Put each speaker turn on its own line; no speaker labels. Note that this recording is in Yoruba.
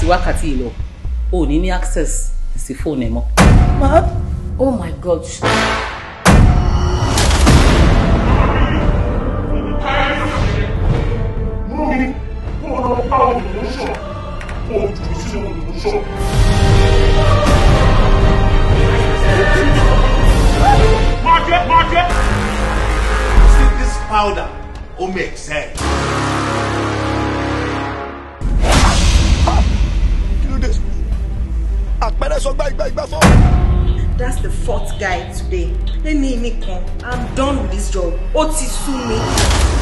láti wákàtí ìlọ o ò ní ní access sí fóònù ẹ
mọ́. oh my god.
powder, oh, makes sense.
sọ gbá igbá igbá sọ. that's the fourth guy today. lẹ́ni nìkan i'm done with this job ó ti sú mi.